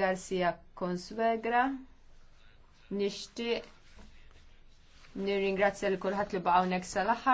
Garcia Consuegra. Nixtieq nirringrazzja l kulħadd li baqgħu nek sal-aħħar.